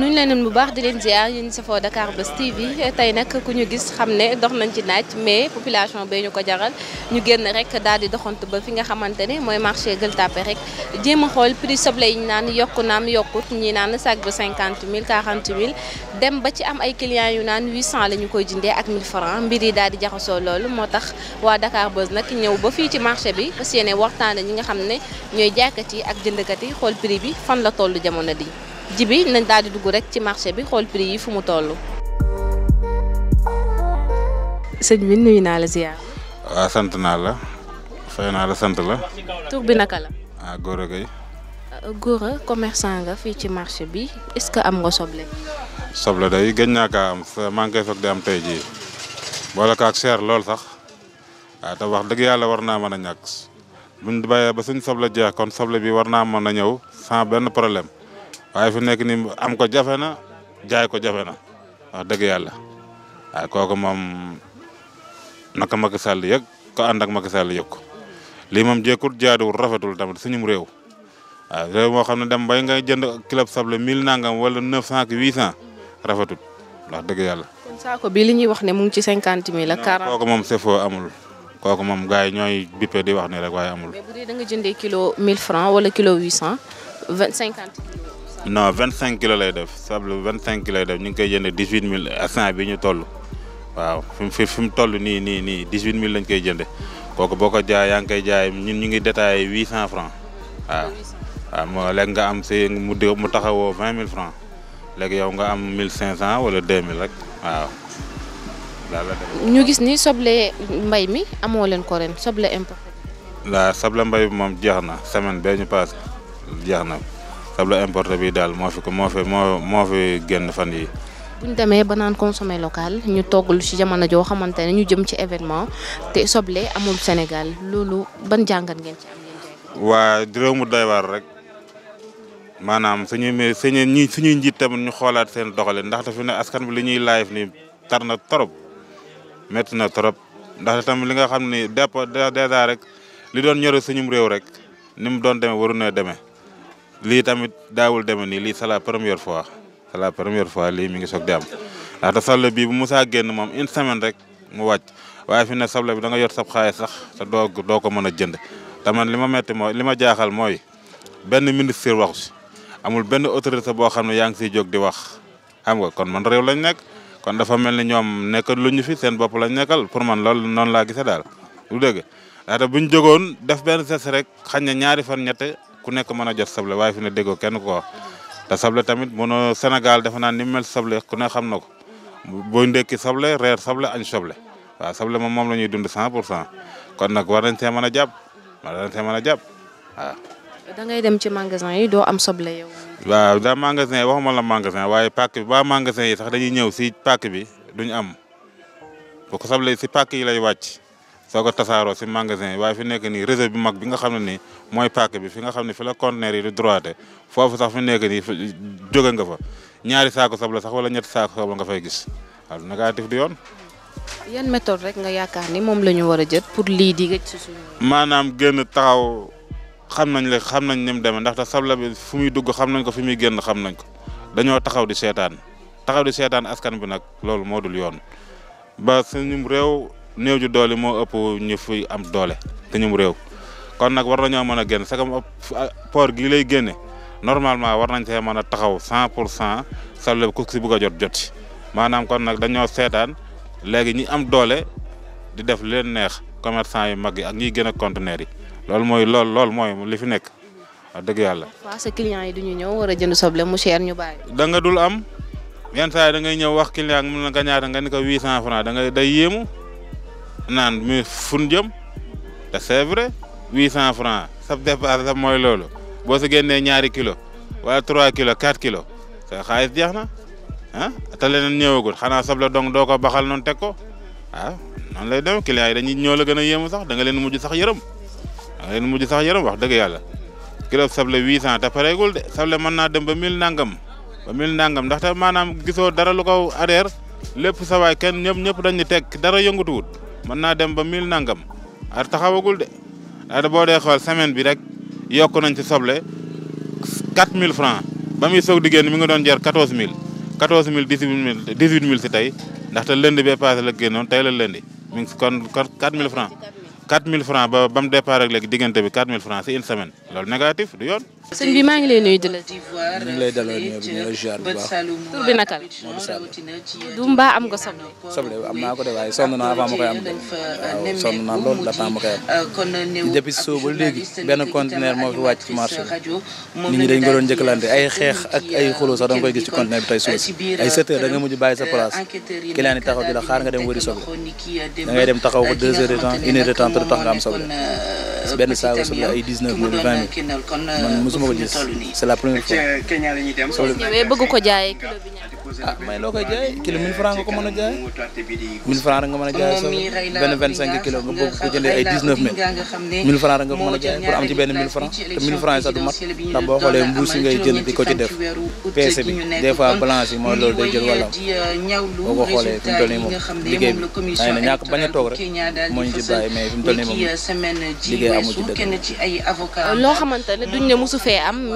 nuñ leen bu baax di leen ziar yéen safoo Dakar Buzz TV tey nag ku ñu gis xam ne dox nañ ci naaj mais population bee ñu ko jaral ñu génn rek daal di doxantu ba fi nga xamante ne mooy marché Gueule Tapée rek jéem a xool prix soble yi ñu naan yokku naam yokkut ñi naan sac ba 50 000 40 000 dem ba ci am ay clients yu naan 800 la ñu koy jindee ak 1000 francs mbir yi daal di jaxasoo loolu moo tax waa Dakar bés nag ñëw ba fii ci marché bi parce que yéene ñi nga xam ne ñooy jaaykat yi ak jëndkat yi xool prix bi fan la toll jamono di jibi nañ daal di dugg rek ci marché bi xool prix yi fu mu toll. sëñ bi nuyu naa la ziar. waaw sant naa la fay naa la sant la. tur bi naka la. ah Gora Gueye. Ah, Gora nga fii ci marché bi est-ce que am nga soble. soble day gëj naa kaa am maa ngi koy fekk di am tey jii boole ko ak lool sax waaw ah, te wax dëgg yàlla war naa mën a ñàkk buñ bàyyee ba suñ soble jeex kon soble bi war naa mën a ñëw sans benn problème. waaye fi nekk nii am ko jafe na jaay ko jafe na wax dëgg yàlla waaye kooku moom naka Macky Sall yëg ko ànd ak Macky Sall yëg ko lii moom jekkul jaaduwul rafetul tamit suñum réew waaw réew moo xam ne dem bay nga jënd kilo sable mille nangam wala neuf cent huit cent rafetul wax dëgg yàlla. bi li ñuy wax ne mu ngi ci cinquante mille ak quarante. moom c'est amul. kooku moom gars yi ñooy bippe di wax ni rek waaye amul. mais bu kilo non vingt cinq kilos lay def sable vingt cinq kilos lay def ñu ngi koy jënd dix huit mille instant bi ñu toll waaw fi mu fi toll nii nii nii dix huit mille lañ koy jënde kooku boo ko jaay yaa koy jaay ñun ñu ngi détaillé huit cent franc waaw. moo nga am si mu di mu taxawoo vingt mille franc léegi yow nga am mille cinq cent wala deux mille rek waaw. ñu gis ni soble mbay mi amoo leen ko ren soble importé. waaw soble mbay bi moom jeex na semaine bee ñu paase jeex na. tableau importé bii daal moo fi ko moo fi moo moo fi génn fan yi bu demee ba naan consommer local ñu toggul ci jamono joo xamante ne ñu jëm ci événement te soble amul Sénégal loolu ban jàngat ngeen ci am. waa réew mu doy rek maanaam suñu mais suñu ñi suñuy njiit tamit ñu xoolaat seen doxalin ndax dafa ne askan bi li ñuy live ni tar na trop métti na trop ndax tamit li nga xam ni dépôt dèjà rek li doon ñore suñu réew rek ni mu doon demee waru na demee. lii tamit daawul demee nii lii c'est la première fois c'est la première fois lii mi ngi soog di am ndaxte soble bii bu musaa moom une semaine rek mu wàcc waaye fi ne soble bi da nga yor sab xaalis sax te doo doo ko mën a jënd te man li ma metti mooy li ma jaaxal mooy benn ministre waxu si amul benn autorité boo xam ne yaa ngi siy jóg di wax xam nga kon man réew lañ nekk kon dafa mel ne ñoom nekkal lu fi seen bopp lañ nekkal pour man loolu noonu laa gisee daal lu dëgg ndaxte buñ jógoon def benn ku nekk mën jot soble waaye fi ne déggoo kenn ko wax te tamit mënoo Sénégal defe naa ni mu mel sable ku ne xam na ko booy ndekki soble reer soble añ soble waaw soble moom moom la ñuy dund 100 pour cent kon nag war nañ see mën a jàpp war nañ see mën a jàpp waaw. da ci magasin yi doo am soble yow. waaw magasin yi waxuma la waaye pàkk ba magasin yi sax dañuy ñëw si pàkk bi duñu am bu soble si pàkk yi lay wàcc. soo ko tasaaroo si magasin yi waaye fi nekk nii réseau bi mag bi nga xam ne nii mooy paak bi fi nga xam ne fi la conteneur yi di droité foofu sax fi nekk nii jóge nga fa ñaari saako soble sax wala ñetti saako soble nga fay gis waaw négatif di yoon. yan méthode rek yaakaar ni moom la ñu war a jël pour lii di gëj si maanaam génn taxaw xam nañ le xam nañ ni mu demee ndaxte soble bi fu muy dugg xam nañ ko fu muy génn xam nañ ko dañoo taxaw di seetaan taxaw di seetaan askan bi nag loolu moo dul yoon ba suñu réew. néew ju doole moo ëpp ñu fi am doole te ñum réew kon nag war nañoo mën a génn sa port gi lay génne normalement war nañ see mën a taxaw cent pour cent sable ku si bëgg a jot jot maanaam kon nag dañoo seetaan léegi ñi am doole di def leen neex commerçant yu mag yi ak ñiy gën a conteneur yi loolu mooy lool loolu mooy li fi nekk wax dëgg yàlla. waaw sa yi du ñu ñëw war a jënd soble mu ñu bàyyi. da dul am yenn saa yi ñëw wax client mun na nga ñaata nga ni ko huit cent franc da day yéemu. naan mi fun jëm te c'est vrai huit cent franc sab dépasse la mooy loolu boo si génnee ñaari kilo waaye trois kilo quatre kilo sa xaalis jeex na ah te leneen ñëwagul xanaa soble dong doo ko baxal noon teg ko a ah, noonu lay dem client yi dañuy ñoo la gën a sax da nga leen mujj sax yërëm da leen mujj sax yërëm wax dëgg yàlla kilo soble huit cent te pareegul de soble mën naa dem ba mille nangam ba mille nangam ndaxte maanaam gisoo dara lu ko adeer lépp sa waay kenn ñëpp ñëpp dañu teg dara yëngatuwut mën naa dem ba mille nangam ar taxawagul de ar boo dee xool semaine bi rek yokk nañ ci soble quatre mille francs ba muy soog di mi ngi doon jar quatorze mille quatorze mille dix huit mille dix huit mille si tey ndaxte lënd bee paase la génnoon tey la lëndi mi ngi kon quatre mille francs 4000 francs ba ba mu départ ak léegi diggante bi 4000 francs ci une semaine loolu négatif du yoon. sëñ bi ngi lay nuyu di la. ñu ngi lay dalal ñu ngi am naa ko de waaye sonn naa avant ma koy am de waaw euh, sonn la temps ma koy am euh, depuis soo ba léegi benn conteneur moo fi wàcc ci marché bi nit ñi dañ ko doon njëkkalante ay xeex ak ay euh, xuloo sax da nga koy gis ci conteneur bi tey suuf ay 7 heures da nga mujj bàyyi sa place client taxaw di la xaar nga dem wëri soble da ngay dem taxaw ko 2 heure de temps sutura tax nga am soble benn saako soble ay 19 ko gis c'est la première ko jaayee kilo bi ñaar ah may loo koy jaay kilo 1000 francs nga ko mën a jaay 1000 francs rek nga nga ko jëlee ay 19000 1000 francs rek nga ko mën a jaay pour am ci benn 1000 francs sax du mat ndax boo xoolee mbuus yi ngay jël di ko ci def PC bi des balance yi mooy loolu day jël wàllam euh, boo ko xoolee fi toll nii moom liggéey bi xëy na ñàkk bañ toog rek moo ci bàyyi mais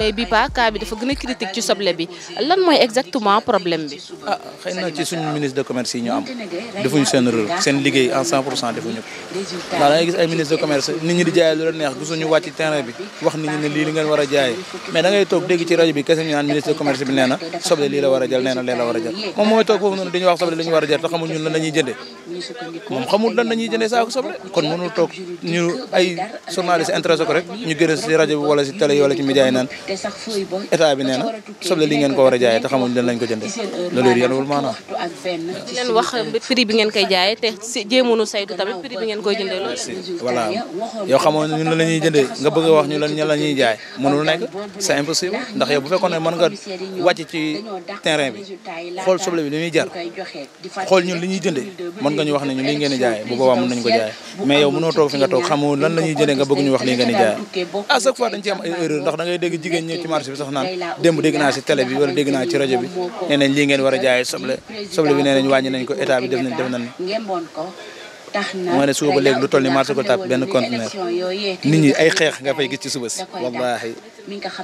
euh, bi pa dafa gën a critique ci soble bi lan mooy exactement problème ah xëy na ci suñu ministre de commerce yi ñu am defuñu seen rôle seen liggéey en 100 pour cent da di jaayee lu la war a jaayee mais da toog dégg ci rajo bi kese ñu naan ministre de commerce bi nee soble li ngeen ko war a jaayee te xamuñ lañ ko jëndee loolu yanul maanaam di leen wax prix bi ngeen koy jaayee te si jéemoonu saytu tamit prix bi ngeen koy jëndee loolu voilà yow xamoo ñun la ñuy jëndee nga bëgg a wax ñu lan ñu wax li ngeen di jaayee nga wax li ngeen di jaayee chaque fois dañ ci am ndax da ngay dégg jigéen ñi ci marché bi sax naan démb dégg naa si télé bi wala dégg naa ci rajo bi nee lii ngeen war a jaayee soble soble bi nee nañ wàññi nañ ko état bi def nañ def nañ moo ne suba ba léegi lu toll ni marché ko tàpp benn conteneur nit ñi ay xeex nga fay gis ci suba si wallaahi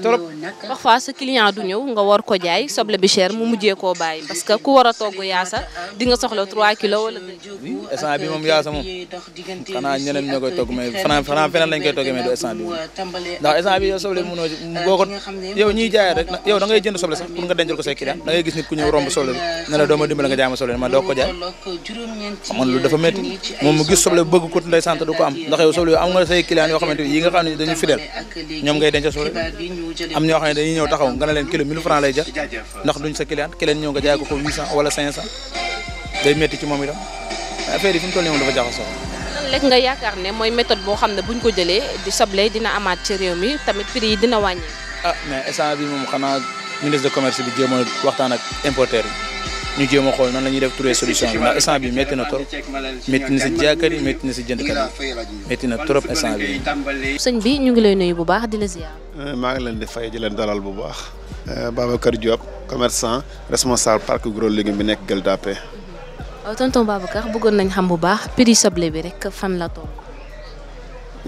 trop parfois sa client du ñëw nga war ko soble bi cher mu mujjee koo bàyyi parce que ku war a togg yaasa di soxla 3 kilos wala essence moom yaasa moom xanaa feneen lañ koy toggee mais du essence soble bi ne la dooma dimbale nga jaay soble ma doo ko jaay lu dafa métti moom mu gis soble bëgg ko nday sant du ko am ndax yow soble yow am nga say client yoo xamante yi nga taxaw nga ne leen kilo 1000 francs lay jar ndax duñ sa client keneen ñëw nga jaay ko ko 800 wala 500 day métti ci moom itam affaire yi fi toll nii dafa jaxasoo lekk nga yaakaar ne mooy méthode boo xam ne buñ ko jëlee di soble dina amaat ci réew mi tamit prix yi dina wàññi ah mais instant bi moom xanaa ministre de commerce bi jéem a ak importeur yi ñu jéem a xool nan la ñuy def trouver solution bi ndax instant na trop métti na si yi métti si jëndkat yi na trop instant bi sëñ bi ñu ngi lay nuyu bu baax di la ziar. Euh, maa ngi leen di fay di leen dalal bu baax. Euh, Babacar Diop commerçant responsable parc gros légumes bi nekk Gueule Tapée. Euh, tonton Babacar bëggoon nañ xam bu baax prix soble bi rek fan la toll.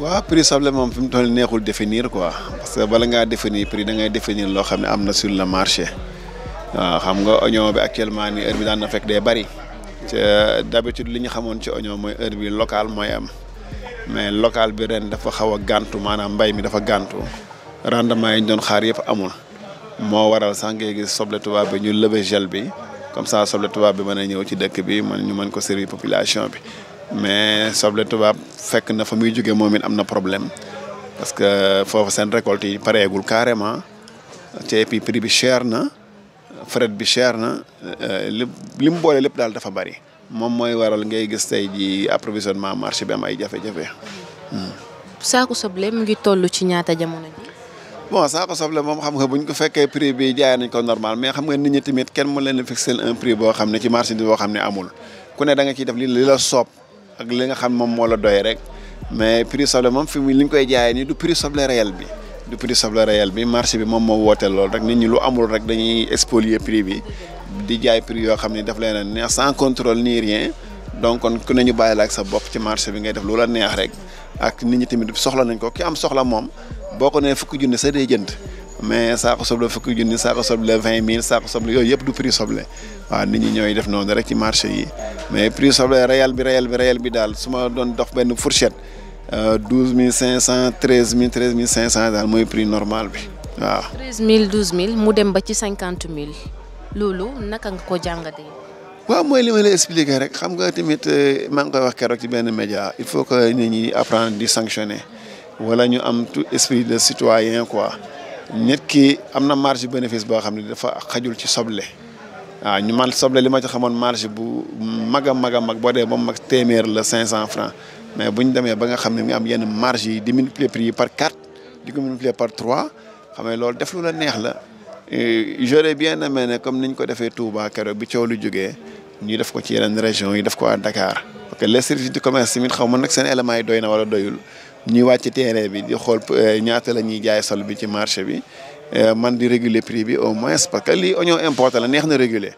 waaw prix soble moom fi mu toll neexul définir quoi parce que bala ngaa définir prix da ngay définir loo xam ne am na sur le marché. waaw xam nga oignon bi actuellement ni heure bi daan na fekk day bari te d'habitude li ñu xamoon ci oignon mooy heure bi local mooy am mais locale bi ren dafa xaw a gàntu maanaam mbay mi dafa gàntu rendement yi ñu doon xaar yëpp amul moo waral sax ngay gis soble tubaab bi ñu lever gel bi comme ça soble tubaab bi mën a ñëw ci dëkk bi man ñu mën ko servir population bi mais soble tubaab fekk na fa muy jóge moom it am na problème parce que foofu seen récolte yi pareegul carrément te puis prix bi cher na fret bi cher na li li mu boole lépp daal dafa bari moom mooy waral ngay gis tey ji approvisionnement marché bi am ay jafe-jafe. Hmm. saako soble toll ci ñaata jamono ji. bon saako soble moom xam nga bu ñu ko fekkee prix bi jaay nañ ko normal mais xam nga nit ñi tamit kenn mu leen fixé un prix boo xam ne ci marché bi boo xam ne amul ku ne da nga ciy def li lii la soob ak li nga xam moom moo la doy rek mais prix soble moom fi mu li ñu koy jaayee nii du prix soble réel bi. du prix soble réel bi marché bi moom moo woote loolu rek nit ñi lu amul rek dañuy expolier prix bi di jaay prix yoo xam ne daf leen a neex sans contrôle nii rien donc kon ku ne ñu bàyyi la ak sa bopp ci marché bi ngay def lu la neex rek ak nit ñi tamit soxla nañ ko ki am soxla moom boo ko nee fukki junni sa dee jënd mais saako soble fukki junni saako soble vingt mille saako soble yooyu yëpp du prix soble waaw nit ñi ñooy def noonu rek ci marché yi mais prix soble réel bi réel bi réel bi daal su ma doon dox benn fourchette. Euh, douze mille cinq cent treize mille treize cinq cent daal mooy prix normal bi waaw. treize mille douze mu dem ba ci cinquante mille loolu naka nga ko jàngatee. waaw mooy li ma rek xam nga tamit euh, maa ngi koy wax keroog ci benn média il faut que nit ñi apprendre di sanctionner wala ñu am tout esprit de citoyen quoi nit ki am na marge bénéfice boo xam ne dafa xajul ci soble. waaw ah, ñu man soble li ma ci xamoon marge bu mag a mag a mag boo dee ba mu mag téeméer la cinq cent francs mais bu ñu demee ba nga xam ne nga am yenn marge yi di multiplier prix yi par quatre di ko multiplier par trois xam ne loolu def lu la neex la j'aurais bien aimé ne comme niñ ko defee Touba keroog bi coow lu jógee ñu def ko ci yeneen région yi def ko à Dakar parce que les services du commerce tamit xaw ma nag seen éléments yi doy na wala doyul ñuy wàcc terrain bi di xool euh, ñaata la ñuy jaay sol bi ci marché bi euh, man di réguler prix bi au moins parce que lii oignon importé la neex na réguler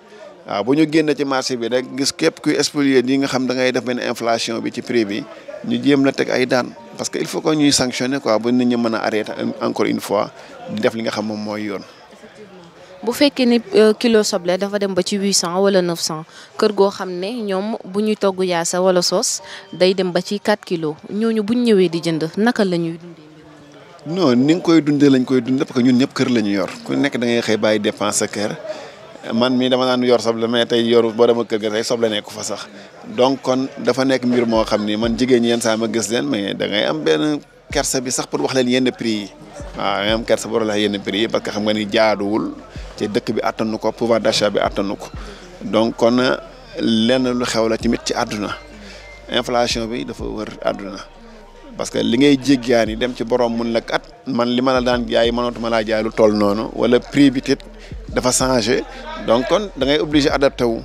waaw bu ñu génn ci marché bi rek gis képp kuy spolier yi nga xam dangay def benn inflation bi ci prix bi ñu jéem la teg ay daan parce que il faut que ñuy sanctionner quoi bu nit ñi mën a arrêter encore une fois def li nga xam moom mooy yoon. bu fekkee ni euh, kilo soble dafa dem ba ci 800 wala cent kër goo xam ne ñoom bu ñuy togg yaasa wala soos day dem ba ci 4 kilos ñooñu bu ñëwee di jënd naka la ñuy dundee. non ni nga koy dundee lañ koy dundee parce que ñun ñëpp kër la ñu yor ku nekk da ngay xëy bàyyi dépense sa kër. man mii dama naan yor soble mais tey yoru boo dama kër ga tey soble nekku fa sax donc kon dafa nekk mbir moo xam ni man jigéen ñi yenn saa ma gis leen mais dangay am benn kersa bi sax pour wax leen yenn prix yi waaw da ngay am kersa pour wax yenn prix yi parce que xam nga ni jaaduwul te dëkk bi àttanu ko pouvoir d'achat bi attanu ko donc kon lenn lu xew la tamit ci àdduna inflation bi dafa wër àdduna parce que li ngay jéggaan yi dem ci borom mun la at man li ma la daan jaay mënatuma laa jaay lu toll noonu wala prix bi tit dafa changé donc kon da ngay obligé adapté wu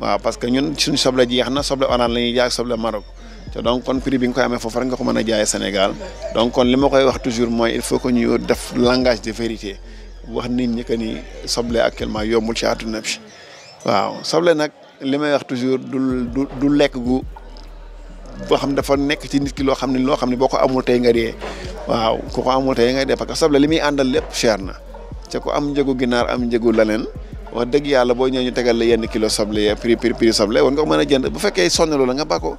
waaw parce que ñun suñu soble jeex na soble Hollande la ñuy jaay soble Maroc te donc kon prix bi nga koy amee foofu rek nga ko mën a jaayee Sénégal donc kon li koy wax toujours mooy il faut que ñu def langage de vérité wax nit ñi que ni soble actuellement yombul ci àdduna bi waaw soble nag li may wax toujours du du du lekk gu. boo xam dafa nekk ci nit ki loo xam ne loo xam ne boo ko amul tey nga dee waaw ku ko amul tey nga dee soble li muy àndal lépp cher na te ku am njëgu ginaar am njëgu leneen wax dëgg yàlla boo ñëwee ñu tegal la yenn kilo soble ya prix prix prix soble war nga ko mën a jënd bu fekkee sonaloo la nga bako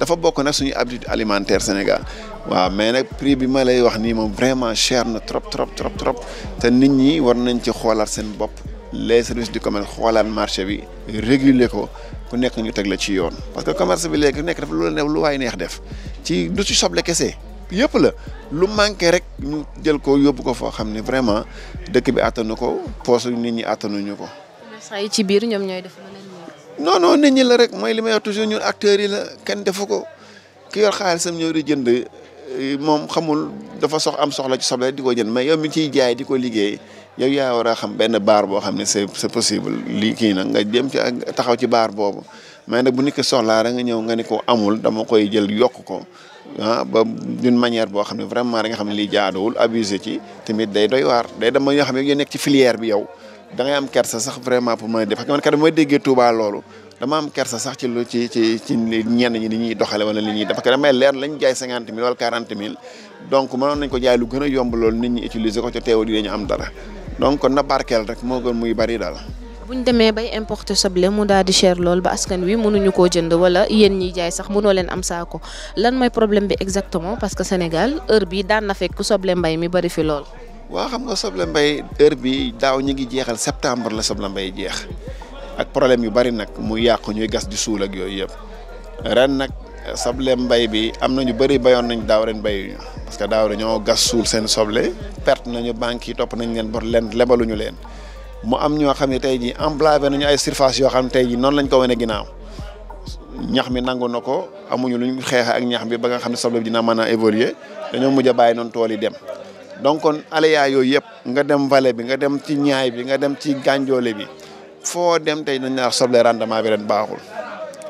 dafa bokk nag suñu habitude alimentaire Sénégal waa mais nag prix bi ma lay wax nii moom vraiment cher na trop trop trop trop te nit ñi war nañ ci xoolaat seen bopp. les service du commerce xoolaan marché bi réguler ko ku nekk ñu teg la ci yoon parce que commerce bi léegi nekk dafa lu la neex waay neex def ci lu ci soble kese yëpp la lu manqué rek ñu jël ko yóbbu ko foo xam ne vraiment dëkk bi àttanu ko poche nit ñi àttanuñu ko. commerçant ci biir ñoom ñooy def non non nit ñi la rek mooy li may wax toujours ñun acteurs yi la kenn defu ko ki yor xaalisam ñëw di jënd moom xamul dafa sox am soxla ci soble di ko jënd mais yow mi ciy jaay di ko liggéey. yow yaa war a xam benn baar boo xam ne c'est c'est possible lii kii nag nga jëm ci ak taxaw ci baar boobu mais nag bu nit ki soxlaa rek nga ñëw nga ni ko amul dama koy jël yokk ko ah ba d'une manière boo xam ne vraiment da nga xam ne lii jaaduwul abusé ci tamit day doy waar day dem ba ñoo xam nekk ci filière bi yow da ngay am kersa sax vraiment pour mën mooy déggee Touba loolu dama am kersa sax ci lu ci ci ci ñenn ñi ni ñuy doxale wala ni ñi def parce que damay leer lañ jaay cinquante mille wala quarante mille donc mënoon nañ ko jaay lu gën a yomb loolu nit ñi utiliser ko ca teewul yi dañu am dara donc kon na barkeel rek moo gën muy bari daal. bu ñu demee bay importe soble mu daal di cher lool ba askan wi mënuñu koo jënd wala yéen ñiy jaay sax mënoo leen am saako lan mooy problème bi exactement parce que Sénégal heure bi daan na fekk soble mbay mi bari fi lool. waa xam nga soble mbay heure bi daaw ñu ngi jeexal septembre la soble mbay jeex ak problème yu bari nag mu yàqu ñuy gas di suul ak yooyu yëpp ren nag. soble mbay bi am na ñu bëri bayoon nañ daaw ren bayuñu parce que daaw dañoo gas suul seen soble perte nañu banques yi topp nañ leen bor leen lebaluñu leen mu am ñoo xam ne tey jii emblavé nañu ay surface yoo xam ne tey jii noonu lañ ko wane ginnaaw ñax mi nangu na ko amuñu luñ xeex ak ñax bi ba nga xam ne soble bi dina mën a évoluer dañoo mujj a bàyyi noon tool yi dem donc kon aléa yooyu yëpp nga dem vallée bi nga dem ci ñaay bi nga dem ci gànjoole bi foo dem tey dañ naa soble rendement bi ren baaxul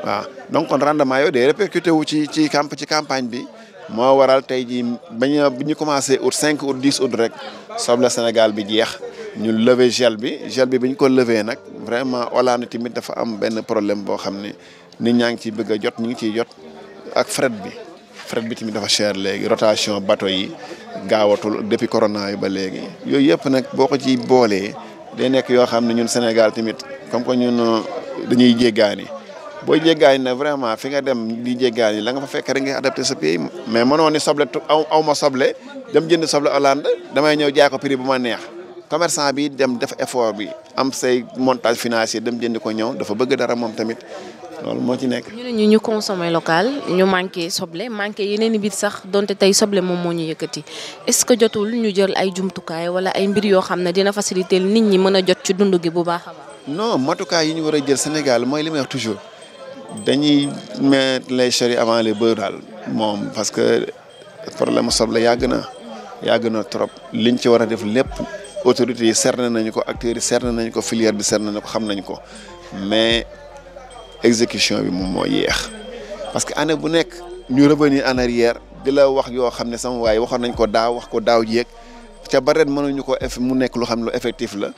waaw donc kon rendement yooyu day répercuté wu ci ci camp ci campagne bi moo waral tey jii bañ a bi ñu commencé août cinq août 10 août rek soble Sénégal bi jeex ñu lever gel bi gel bi bi ñu ko levee nag vraiment Hollande tamit dafa am benn problème boo xam ne nit ñaa ngi ciy bëgg a jot ñu ngi ciy jot ak fret bi fret bi tamit dafa cher léegi rotation bateau yi gaawatul depuis corona yi ba léegi yooyu yëpp nag boo ko ciy boolee day nekk yoo xam ne ñun Sénégal tamit comme que ñun dañuy jéggaani boo jéggaani na vraiment fi nga dem di jéggaani la nga fa fekk rek nga adapté sa pays mais mënoo ni soble aw aw soble dem jënd soble Hollande damay ñëw jaay ko bu ma neex commerçant bi dem def effort bi am say montage financier dem jënd ko ñëw dafa bëgg dara moom tamit loolu moo ci nekk. ñu ne ñu ñu consommer local ñu manqué soble manqué yeneen i biir sax donte tey soble moom moo ñu yëkkati est-ce que jotul ñu jël ay jumtukaay wala ay mbir yoo xam ne dina faciliter nit ñi mën a jot ci dund gi bu baax a baax. matukaay yi ñu war a jël Sénégal mooy li toujours. dañuy mettre les charrues avant les bœufs daal moom parce que problème soble yàgg na yàgg na trop liñ ci war a def lépp autorité yi cerné nañu ko acteurs yi cerné nañu ko filière bi cerné na ko xam nañ ko mais exécution bi moom moo yéex parce que année bu nekk ñu revenir en arrière di la wax yoo xam ne sama waaye waxoon nañ ko daaw wax ko daaw jéeg ca ba ren mënuñu ko eff mu nekk lu xam lu effectif la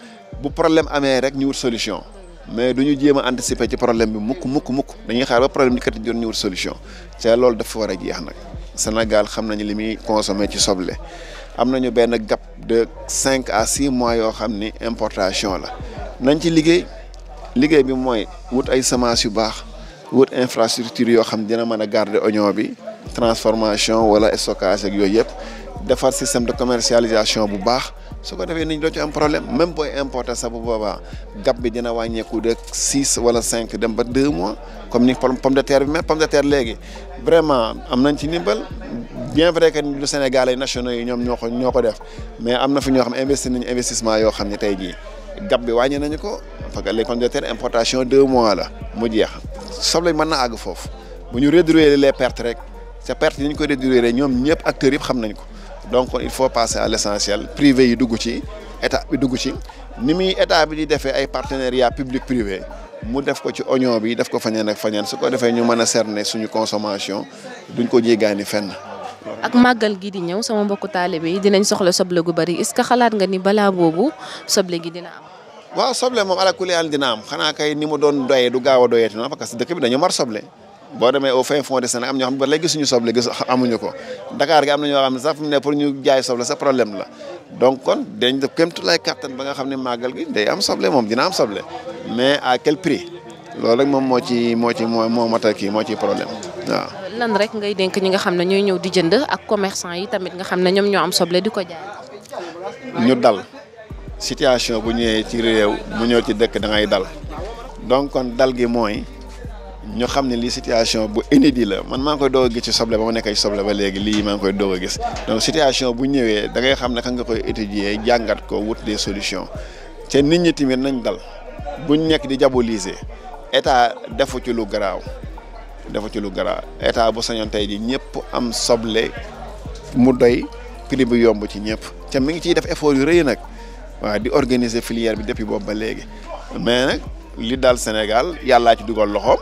bu problème amee rek ñu wut solution mais du ñu jéem a anticiper ci problème bi mukk mukk mukk dañuy xaar ba problème di kat yi doon ñu wut solution te loolu def war a jeex nag Sénégal xam nañu li muy consommé ci soble am nañu benn gap de cinq à six mois yoo xam ni importation la nañ ci liggéey liggéey bi mooy wut ay semences yu baax wut infrastructure yoo xam dina mën a garder oignon bi transformation wala stockage ak yooyu yëpp. defar système de commercialisation bu baax su ko defee nit ñi doo ci am problème même booy importer sa bu boobaa gab bi dina wàññeeku de six wala cinq dem ba deux mois comme ni pomme de terre bi mais pomme de terre léegi vraiment am nañ ci ndimbal bien vrai que du Sénégal ay nationaux yi ñoom ñoo ko ñoo ko def mais am na fi ñoo xam investi nañu investissement yoo xam ne tey jii gab bi wàññee nañu ko parce que les pommes de terre importation deux mois la mu jeex soble mën na àgg foofu bu ñu réduire les pertes rek sa perte yi ñu ko réduire ñoom ñëpp acteurs yëpp xam nañ ko. donc il faut passer à l' essentiel privé yi dugg ci état bi dugg ci ni muy état bi di defee ay partenariat public privé mu def ko ci oignon bi def ko fañeen ak fañeen su ko defee ñu mën a cerner suñu consommation duñ ko jéggaani fenn. ak màggal gi di ñëw sama mbokku taalibe yi dinañ soxla soble gu bari est-ce que xalaat nga ni balaa boobu soble gi dina am. waaw soble moom ala kulli dina am xanaa kay ni mu doon doyee du gaaw doyee parce que bi dañu mar soble. boo demee au fin fond de Sénégal am ñoo xam ne ba léegi suñu soble gis amuñu ko Dakar gi am na xam ne sax ne pour ñu jaay soble sa problème la donc kon dañ def kémtu lay kattan ba nga xam ne màggal gi day am soble moom dina am soble mais à quel loolu rek moom moo ci moo ci moo moo matal kii moo ci problème waaw. lan rek ngay dénk ñi nga xam ne ñooy ñëw di ak commerçant yi tamit xam ne ñoom ñoo am soble di ko jaay. dal situation bu ñëwee ci réew mu ñëw ci dëkk da ngay dal donc kon dal gi mooy. ñu xam ne lii situation bu inédit la man maa ngi koy doog a gis ci soble ba ma nekk ci soble ba léegi lii maa ngi koy doog a gis donc situation bu ñëwee da ngay xam ne kan nga koy étudier jàngat ko wut des solution te nit ñi tamit nañ dal buñ nekk di diaboliser état defu ci lu garaaw defu ci lu garaaw état bu sañoon tey di ñëpp am soble mu doy prix bu yomb ci ñëpp te mi ngi ciy def effort yu rëy nag waaw di organiser filière bi depuis boobu ba léegi mais li daal Sénégal yàllaa ci dugal loxoom.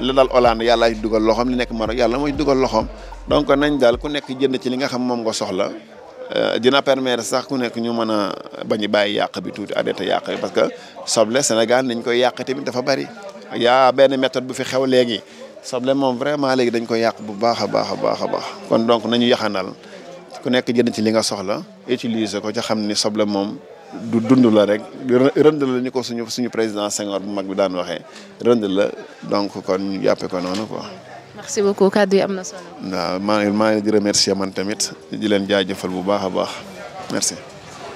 li dal Hollande yàlla ay dugal loxoom li nekk Maroc yàlla mooy dugal loxoom donc nañ daal ku nekk jënd ci li nga xam moom nga soxla euh, dina permettre sax ku nekk ñu mën a bañ a bàyyi yàq bi tuuti arrêté yàq bi parce que soble Sénégal nañ koy yàq tamit dafa bari yaa benn méthode bu fi xew léegi soble moom vraiment léegi dañ koy yàq bu baax a baax a baax a baax kon donc nañu yaxanal ku nekk jënd ci li nga soxla utiliser ko ca xam ni soble moom. du dund la rek rënd la ni ko suñu suñu président Senghor bu mag bi daan waxee rënd la donc kon ñu jàppe ko noonu quoi. merci beaucoup kàddu yi am na solo. waaw maa maa ngi di remercier man tamit di leen jaajëfal bu baax a baax merci.